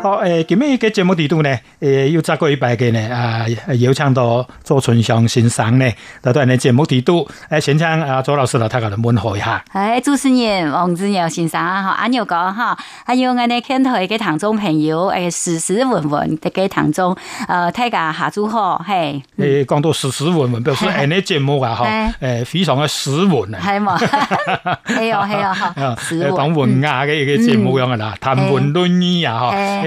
好誒，今日嘅節目地圖呢？誒，又再過一百個呢？啊，邀請到左春香先生呢，嚟到你節目地圖誒，先請啊，左老師啦，大家嚟問候一下。誒，主持人黃志堯先生，哈，阿牛哥，哈，還有我哋鏡頭嘅聽眾朋友，誒，斯斯文文，大家唐總，誒，大家下午好，係。誒，講到斯斯文文，表示誒，呢，節目啊，嗬、哦，誒，非常嘅斯文啊，係嘛？係啊，係啊，嗬，講文雅，嘅、嗯嗯、個節目樣啊啦，談文論語啊，嗬、嗯。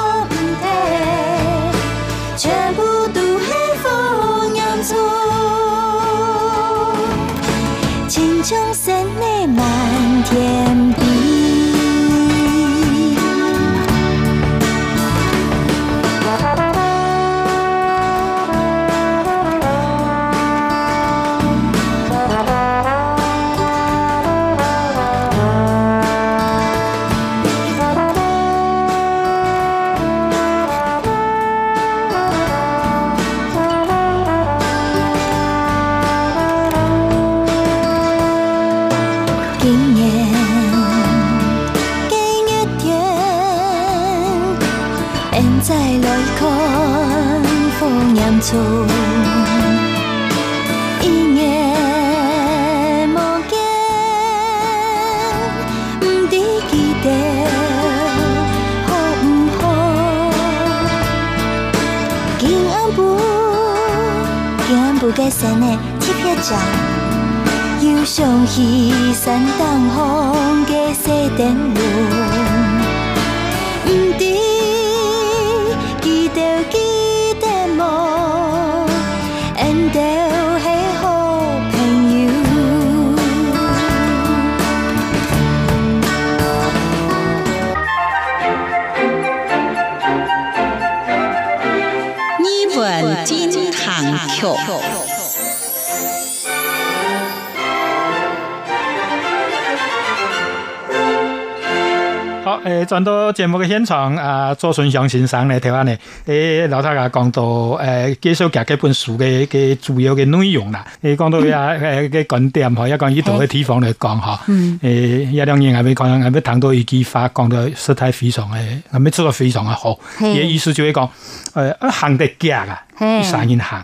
好，誒，轉到節目嘅現場啊，左春香先生咧，聽下咧，誒，老大家講到誒，介紹幾這本書嘅嘅主要嘅內容啦，嗯、誒，講到啊，誒嘅觀點嗬，一個以讀嘅地方嚟講嗬，誒，一兩年係咪講係咪談到一句話，講到實在非常誒，係咪做得非常誒好？嘅是意思就係講，誒，行得夾啊，一世是人行。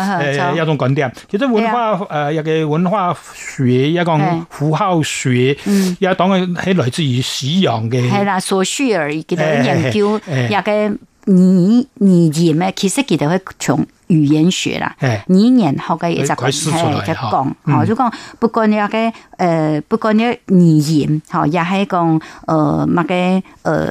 誒，有種觀點，嗯、其實文化誒一個文化學，一個符號學，也當然係來自於西洋嘅，係啦，所需而佢哋研究一個語語言咧，其實佢哋、欸欸、會從語言學啦，語言學嘅一隻嘅講，就講、嗯、不管一個誒，不管一語言，吓、呃，也係講誒乜嘅誒。呃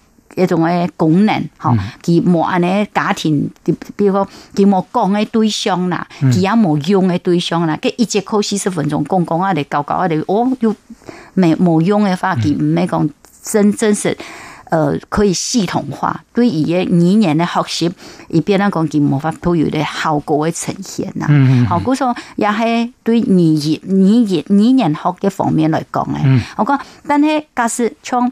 一種誒功能，好佢冇安呢家庭，比如講佢冇講的對象啦，佢也冇用嘅對象啦，佢一節課四十分鐘講講，講講啊，嚟，教教啊，就哦，又冇冇用嘅話，佢唔係講真真實，呃，可以系統化對而嘅語言嘅學習，而變咗講佢冇法都有啲效果嘅呈現啦。嗯嗯，好， 咁所以也係對語言、語言、語言學嘅方面來講咧， 我講，但係假使從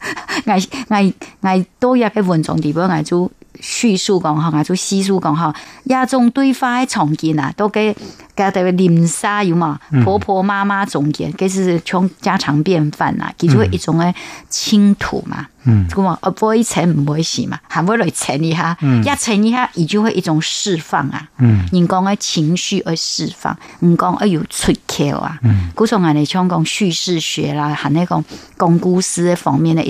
挨挨挨多入嘅文章地方，挨做敘述講下，挨做敘述講下，一種對話常見啊，都幾家對鄰舍有嘛？婆婆媽媽中間，佢是像家常便飯啊，佢就會一種嘅傾吐嘛。嗯，我話唔會沉唔會死嘛，含會落沉一下，一沉一下，佢就會一種釋放啊。嗯，人講嘅情緒去釋放，唔講哎有出口啊。嗯，古常人哋講講敘事學啦，含呢個講故事嘅方面咧。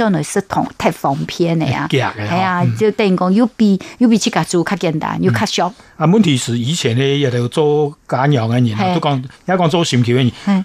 做內係同太方便了呀，欸，係啊，嗯、就等於講又比又比自家做較簡單，又較省。啊，問題是以前呢，要要做簡養嘅人，都講而家講做扇橋嘅人。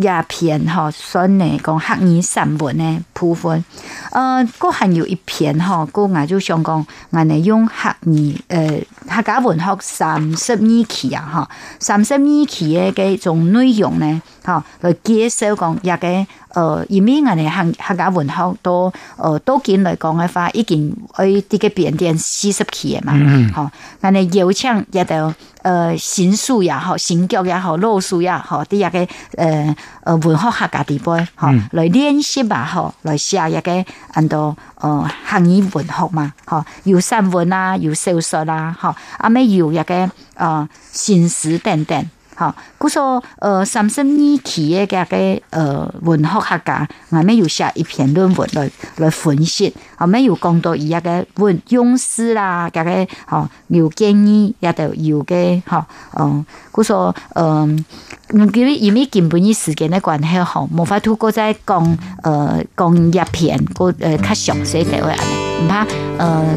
廿篇哈，所以呢講客語散文的部分，呃，嗰還有一篇哈，嗰、呃、我就想講，我哋用客語呃，客家文學三十二期啊，哈，三十二期的嗰種內容呢，哈、呃，嚟介紹講，也家呃，因為我哋客客家文學都呃，多見來講的話，已經可以這個變點四十期嘛，嗯哼，哈，我哋又唱也啲呃，新書、呃、也好，新教也好，老書也好，哈、這個，啲嘅呃。呃，文學客家地方，吼、嗯，嚟練習吧？吼，嚟寫一個咁多呃漢語文學嘛，吼，有散文啊，有小說啦，吼，啊，咩要有一個誒，新詩等等。好，故說、嗯，呃，上星期起嘅個，呃，文學學家，我們又寫一篇論文來來分析，我們又講到伊一個文用詞啦，加個，吼，有建議，也得要嘅，吼，嗯，故說，嗯，因為因為根本以時間的關係，吼，無法度再講，呃，講一篇，個，呃，較詳細嘅話咧，唔怕，呃。